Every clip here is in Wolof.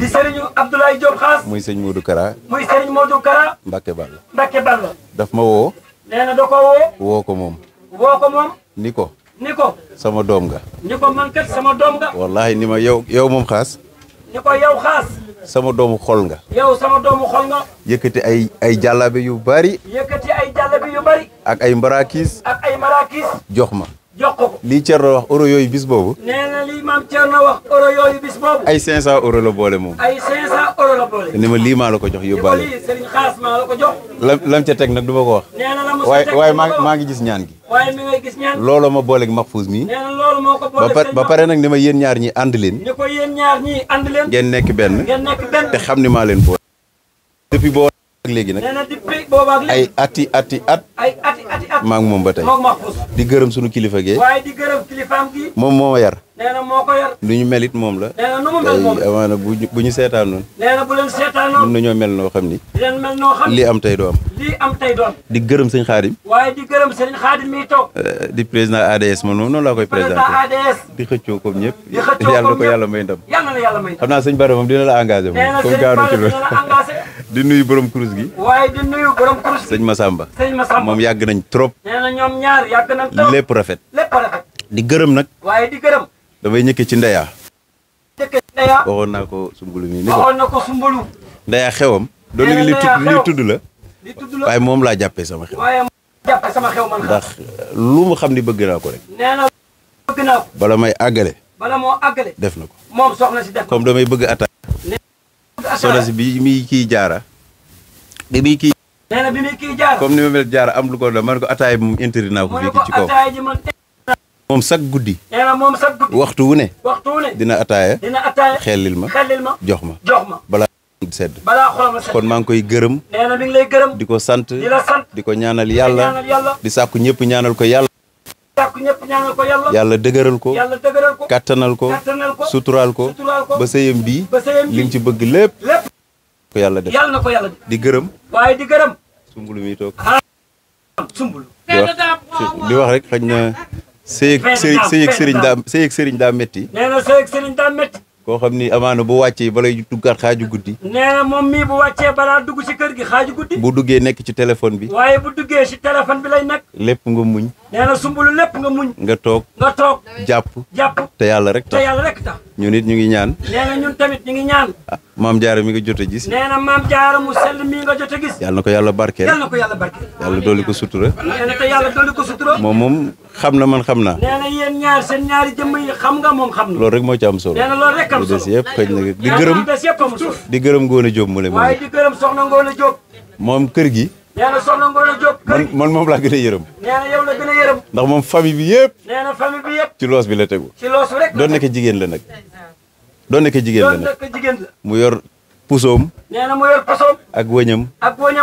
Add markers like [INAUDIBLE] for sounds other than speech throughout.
di sëriñu Abdoulaye Diop Xaas. muy sëñ Modou Kara. muy sëriñ Modou Kara. Mbacke Ball. Mbacke daf ma woo. nee na woo. ko moom. woo ko moom. ni ko. ni ko. sama doom nga. ni ko man kat sama doom nga. wallaahi ni ma yow yow moom xaas. ni ko yow xaas. sama doomu xol nga. yow sama doomu xol nga. yëkkati ay ay jàllabe yu bari. yëkkati ay jàllabe yu bari. ak ay mbaraakiis. ak ay mbaraakiis. jox ma. jox ko lii Thierno wax yooyu bis boobu. na wax euro yooyu bis boobu. ay 500 euro la boole moom. ay 500 euro ni ma lii la ko jox yóbbaale. lii la ko ca teg nag du ma ko wax. nee na la maa ngi gis ñaan gi. waaye mi ma booleeg Mahfouz mii. nee ba pare nag ni ma yéen ñaar ñi ànd leen. ni ngeen nekk benn. te xam ni maa leen boole. depuis nag. ay ati ati at. maa moom ba tey di gërëm sunu kilifa gi moom moo ma yar nee lu ñu mel moom la nee na nu moom eh, bu ñu seetaan noonu nee na bu nañoo mel noo xam ni di lii am tey doo am di gërëm sëñ xaadim waaye di gërëm sëñ xaadim mi eh, di président ADS man moom noonu laa koy présenté di xëccoo comme ñëpp yàlla yàlla may ndam yàlla na yàlla xam naa sëñ Bara dina la engagé moom comme gaanu ci loolu di nuyu borom kurus gi. waaye ma sàmba moom yàgg nañ trop. nee lépp rafet. di gërëm nag. damay ñëkkee ci ndeyaa. ñëkkee ci naa ko sumbulu mi ni ko na ko sumbulu. ndeyaa xewam. doon li li tudd la. waaye moom laa jàppee sama xew. ndax eh, lu xam ni bëgg naa ko rek. bala may àggale. bala def na ko comme damay bëgg attaque soxna si bi muy kii jaara bi muy jaara comme ni ma jaara am lu ko doon man ko ataay bi moom interdit ko fii ci kaw moom sag guddi nee waxtu wu ne dina ataaya xellil ma jox ma bala sedd kon maa ngi koy gërëm di ko sant di ko ñaanal yàlla di sàkku ñëpp ñaanal ko yàlla yàlla yàlla dëgëral ko yàlla ko kàttanal ko kàttanal ko ba sëyam bii li ci bëgg lépp yàlla def di gërëm waaye di gërëm sumbulu mi toog ah, sumbulu wax rek xëy na sëyëg sëriñ sëriñ daa metti koo xam ni amaana bu wàccee balay na bu wàccee balaa dugg ci kër gi xaaju guddi bu duggee nekk ci téléphone bi waaye bu duggee ci téléphone bi lay nekk lépp nga muñ nee na lépp nga muñ nga toog nga jàpp te yàlla rek te yàlla rek tax ñun it ñu ngi ñaan nee na ñun tamit ñu ngi ñaan ah, maam jaara mi nga jot a gis nee maam jaara sell mii nga jot a gis yàlla na ko yàlla barkeel ko sutura moom moom xam na man xam naa. nee na yéen rek moo ci am solo. nee na na di gërëm di gërëm mu ne. moom kër gi. nee na moom laa gën a yërëm. ndax moom famille bi yëpp. ci loos bi la tegu. ci nekk jigéen la nag. doon nekk jigéen la mu yor pusoom. ak wëñam.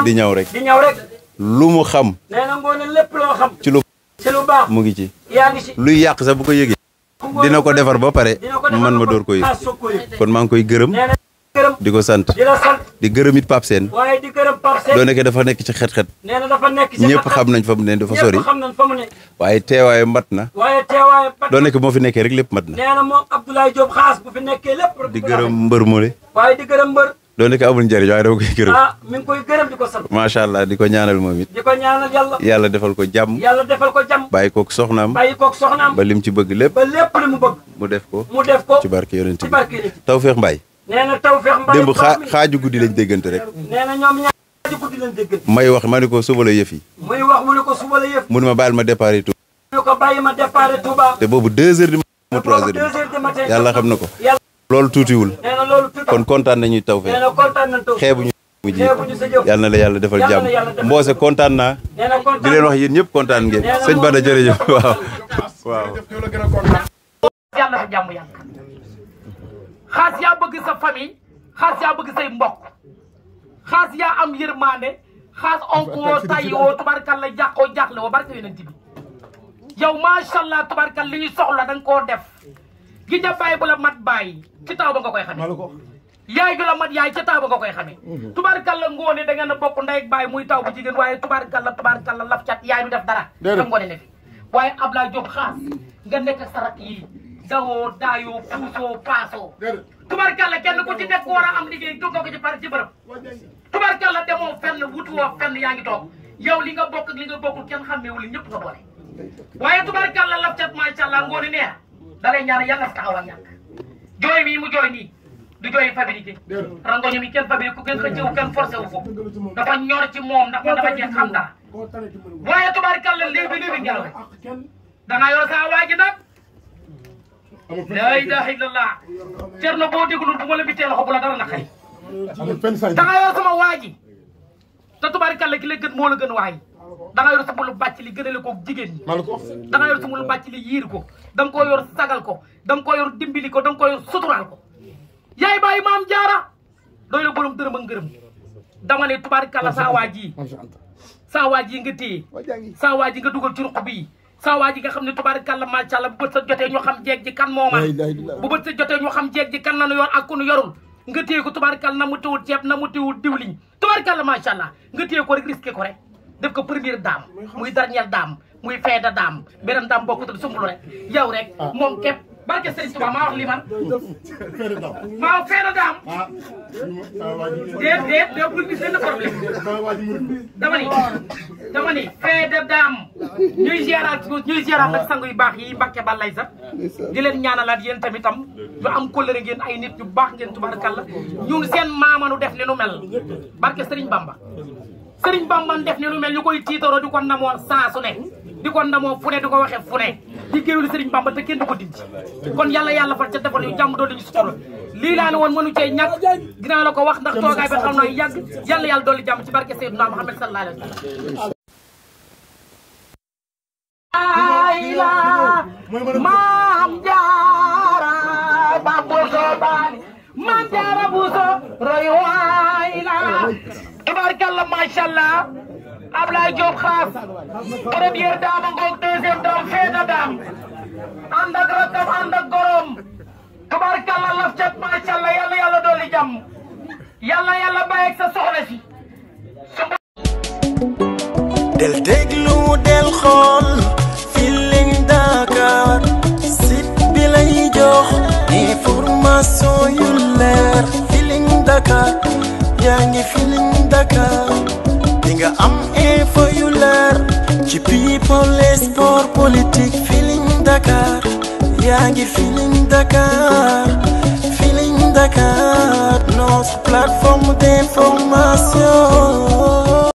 di ñaw rek. di xam. nee xam. ci lu mu ngi ci. yaa luy yàq sax bu ko yëgee. dina ko defar ba pare man ma door koy ah, kon maa ngi koy gërëm. di ko sant di gërëm it Pape Sène waaye doo nekk dafa nekk ci xet-xet nee xam nañ fa mu ne dafa sori fa mu waaye teewaaye mat na doo nekk moo fi nekkee rek lépp mat na di gërëm mbër mu ne loolu nag amul njëriñ waaye dama koy gërëm. Ah, macha allah di ko ñaanal moom yàlla. defal ko jàmm. yàlla defal bàyyi kook soxnaam. bàyyi kook ba lim ci bëgg lépp. lépp li mu bëgg. mu def ko. ci barke yonent bi ci barke yonent bi. Tawfekh démb xaa xaaju guddi lañ déggante rek. may wax ma ne ko suba la yëf mun ma baal ma départ Touba. te boobu deux heures du matin. trois heures du matin yàlla xam na ko loolu tuutiwul kon kontaan nañu taw fee xeebuñu mu ji yàlla na la yàlla defal jàmm mboose kontaan naa di leen wax yéen ñëpp kontaan ngeen sëñ Bada jërëjëf [LAUGHS] waaw waaw yàlla fa jàmm yàgg xaas yaa bëgg sa famille xaas ya bëgg say mbokk xaas yaa am yërmande xaas onk woo tayyi woo tabarkalla jàqoo jaaxle woo barke yonent bi yow macha allah tabarkalla li ñu soxla da koo def gi ja baay bu la mat baay ci taw ba nga koy xamee yaay ju la mat yaay ca taw ba nga koy xamee mhm. tubaarkàlla ngoone da ngeen a bokk ndey ak baay muy taw bu jigéen waaye tubaarkàlla tubaarkàlla laf cat yaay du def dara da ngoone ne fi waaye Ablaye Diop xaas nga nekk ak sarak yi dawoo daayoo puusoo paasoo kenn ku ci nekk war a am liggéey dugg ko ci par ci bërëb tubaarkàlla demoo fenn wutuwoo fenn yaa ngi toog yow li nga bokk ak li nga bokkul kenn xàmmeewul ñëpp nga boole waaye tubaarkàlla laf cat macha allah ngoone neex da lay ñaan yàlla taxaw la ñàkk jooy mii mu jooy nii du jooy fabriqué rangoñu mi kenn fabriqué ku kenn xëccewu kenn forcé wu ko dafa ñor ci moom ndax man dafa jeex xam dara waaye tubaarkàlla léegi léegi ngelaw dangaa yor saa waa ji nag laa ilaha illallah na boo déglul bu ma la bitee loxo bu la dara na xëy dangaa yor sama waa ji te tubaarkàlla ki la gën moo la gën waayi da nga yor sa mbalu bàcc li gënale ko jigéen ñi da nga yor sa mbalu bàcc li yiir ko da nga koo yor sagal ko danga nga koo yor dimbali ko da nga koo yor suturaal ko yaay bàyyi maam jaara doy la borom dërëm ak ngërëm dama ne tubaarikàlla saa waa ji saa waa ji nga téye saa waa ji nga dugal ci ruq bii saa waa ji nga xam ne tubaarikàlla macha allah bu bët sa jotee ñoo xam jeeg ji kan moo man bu bët sa jotee ñoo xam jeeg ji kan nanu yor ak ku nu yorul nga téye ko tubaarikàlla na mu tiwul ceeb na mu tiwul diwliñ tubaarikàlla macha allah nga téye ko rek risqué ko rek def ko première dame muy dernière dame muy fin de dame beneen dame bokkut ak sumbulu rek yow rek ah. moom képp barke Serigne Touba maa li man. maa fin de dame. Ah. déet déet déet bul gis benn problème. dama ni dama ni fin de dame ñuy géraat ñuy géraat ak sang yu baax yi Mbacke Balaye sax di leen ñaanalaat yéen tamit tam ñu am kóllëre ngeen ay nit yu baax ngeen tubaarkàlla ñun seen maamanu def leen nu mel barke Serigne Bamba. Sëriñ Bamba def ne mel ñu koy tiitaroo di ko namoo saa su ne di kon na fu ne di ko waxee fu ne di géewlu Sëriñ Bamba te kenn du ko dindi kon yàlla yàlla fal ca defal yu jàmm doon lañu sutura lii laa ne cee ñàkk dinaa ko wax ndax toogaay ba xam na yàgg yàlla yàlla dolli jàmm ci barke Seydina Muhammad sallallahu alayhi wa sallam maam jaara ba baani maam jaara buso tubaarkàlla macha allah Ablaye Diop xaas première dame ngoog deuxième dame feena dame ànd ak rakam ànd ak gorom tubaarkàlla laf cat macha allah yàlla yàlla dolli jàmm yàlla yàlla bàyyi ak sa soxna si. del déglu del xool Feeling Dakar site bi lay jox information yu leer Feeling Dakar. yaa ngi Dakar nga am info yu leer ci people et sport politique Feeling yaa ngi Feeling Dakar Feeling Dakar notre plateforme d'information